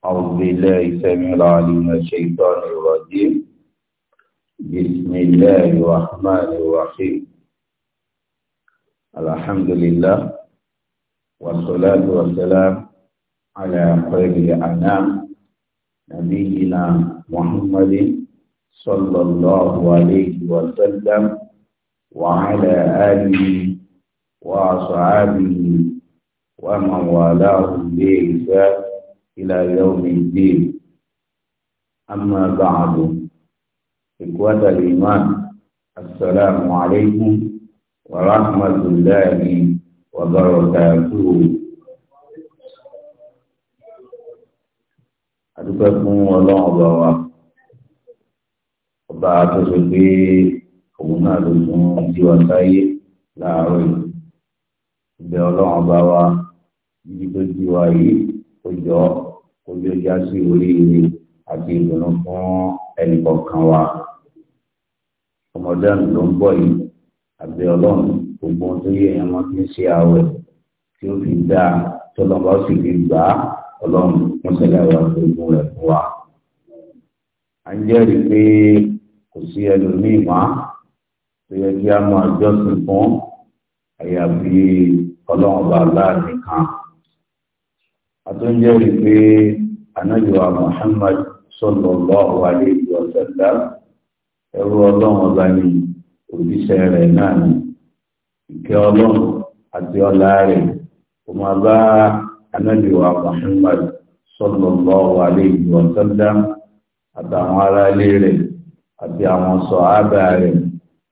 أعوذ بالله السميع العليم الشيطان الرجيم بسم الله الرحمن الرحيم الحمد لله والصلاة والسلام على خير الأنام نبينا محمد صلى الله عليه وسلم وعلى آله وأصحابه ومن والاه بإحسان إلى يوم الدين أما بعد إخوة الإيمان السلام عليكم ورحمة الله وبركاته أدوكم الله وبركاته وبعد سبي قمنا لكم جيوان سيء لا أعوي بأولو عباوة جيوان سيء ojú ọjà sí oríire àti ìdùnnú fún ẹnì kọ̀ọ̀kan wa. ọmọdé àná ló ń bọ̀ yìí àbí ọlọ́run gbogbo ohun tó yẹ ẹ̀yàn máa fi ń ṣe ààwẹ̀ tí ó fi dáa tọ́lọ́mọba ó sì fi gbà á ọlọ́run wọ́n ṣẹlẹ̀ àwọn àgbègbè rẹ̀ fún wa. a ń jẹ́rìí pé kò sí ẹlòmíì mọ́ tó yẹ kí a máa jọ́sìn fún àyàfi ọlọ́run bàbá mi kan àtúnjẹ́ rí pé anáyọ̀wà Muhammad sallallahu alayhi wa sallam ẹrú ọlọ́run ọba ni òjíṣẹ́ rẹ̀ náà ni ìkẹ́ ọlọ́run àti ọlá rẹ̀ kò máa bá anáyọ̀wà Muhammad sallallahu alayhi wa sallam àtàwọn ará ilé rẹ̀ àti àwọn sọ̀hábà rẹ̀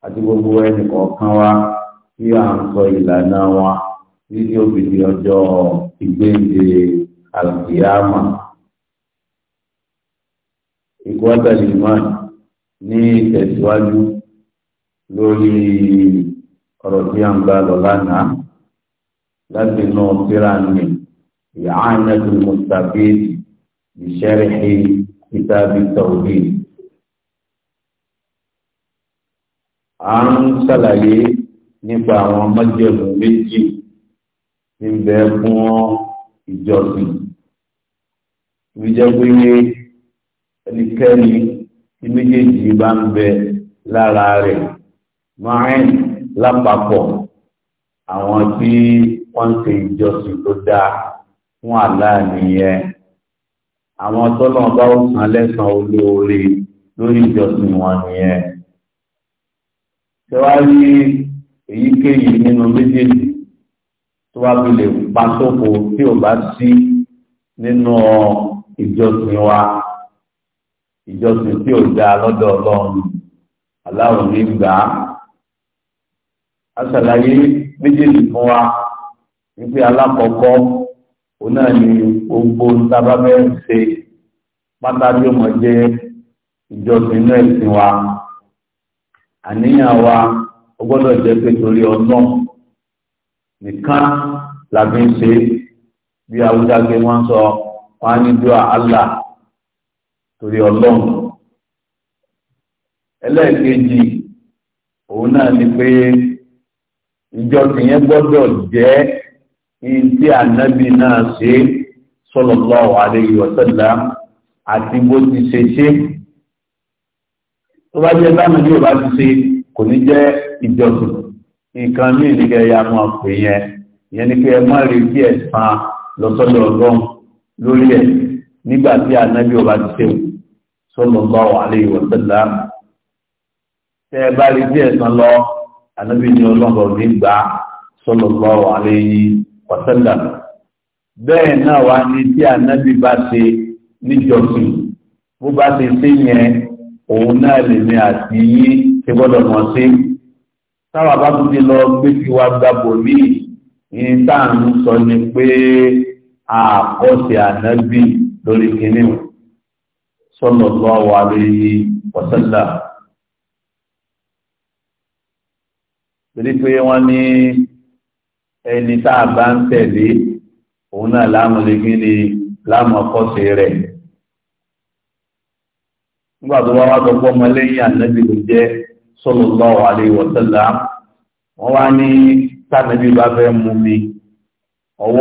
àti gbogbo ẹnì kọ̀ọ̀kan wa tí à ń sọ ìlànà wa tí yóò fi di ọjọ́ ọ̀ ìgbéǹde àlùkìyàmà ìkọ́tàlìmán ní ìtẹ̀síwájú lórí ọ̀rọ̀ tí a ń bá lọ lánàá láti inú tíráàmì ìhánẹ́tù mustafid ìṣẹ́rìhì kìtàbí tawhid. a ń ṣàlàyé nípa àwọn májẹ̀mú méjì ti ń bẹ fún ìjọsìn ibi jẹ́ pé ẹnikẹ́ni tí méjèèjì bá ń bẹ lára rẹ̀ máa ń lápapọ̀ àwọn tí wọ́n ń ṣe ìjọsìn tó dáa fún àlá nìyẹn àwọn tọ́lọ̀ bá ó san lẹ́sàn olóore lórí ìjọsìn wọn nìyẹn tẹwárí èyíkéyìí nínú méjèèjì tó wá fi lè pa sóko tí ò bá sí nínú ìjọsìn wa ìjọsìn tí ò dáa lọ́dọ̀ ọlọ́run aláwọ̀ ní gbà á. a méjèèjì fún wa wípé alákọ̀ọ́kọ́ òun náà ni gbogbo ntabafẹ́ ṣe pátá tí ó mọ̀ jẹ́ ìjọsìn náà ẹ̀sìn wa àníyàn wa ó gbọ́dọ̀ jẹ́ pé torí ọlọ́run nìkan làbí ń ṣe bí awúdágbé wọn sọ wọn á ní dúà Allah torí ọlọ́run ẹlẹ́ẹ̀kejì òun náà ni pé ìjọ tìyẹn gbọ́dọ̀ jẹ́ ní tí ànábì náà ṣe sallallahu alayhi wa sallam àti bó ti ṣe ṣe tó bá jẹ́ báwọn yóò bá ti ṣe kò ní jẹ́ ìjọsìn nǹkan míì ní kẹ́ ya máa pè yẹn ìyẹn ni pé ẹ má retí ẹ̀san lọ́sọ́dọ̀ ọlọ́run lórí ẹ̀ nígbà tí ànábì ọba ti ṣe sallallahu alaihi wa sallam tẹ́ ẹ bá retí ẹ̀san lọ ànábì ní ọlọ́run ní gbà sallallahu alaihi wa sallam bẹ́ẹ̀ náà wá ní tí ànábì bá ṣe níjọsìn bó bá ṣe ṣe yẹn òun náà lèmi àti yín ṣe gbọ́dọ̀ mọ̀ sí táwa bá tún ti lọ gbé sí wa gbàgbọ́ mí ní tá à ń sọ ni pé àkọsí ànábì lórí kínní sallallahu alaihi wasallam. torí pé wọ́n ní ẹni tá a bá ń tẹ̀lé òun náà láàmú lè kí ni láàmú ọkọ̀ṣe rẹ̀. nígbà tó bá wá sọ pé ọmọlẹ́yìn ànábì ló jẹ́ sallallahu alaihi wa sallam wọ́n wá ní tánàbí bá fẹ́ mú mi ọwọ́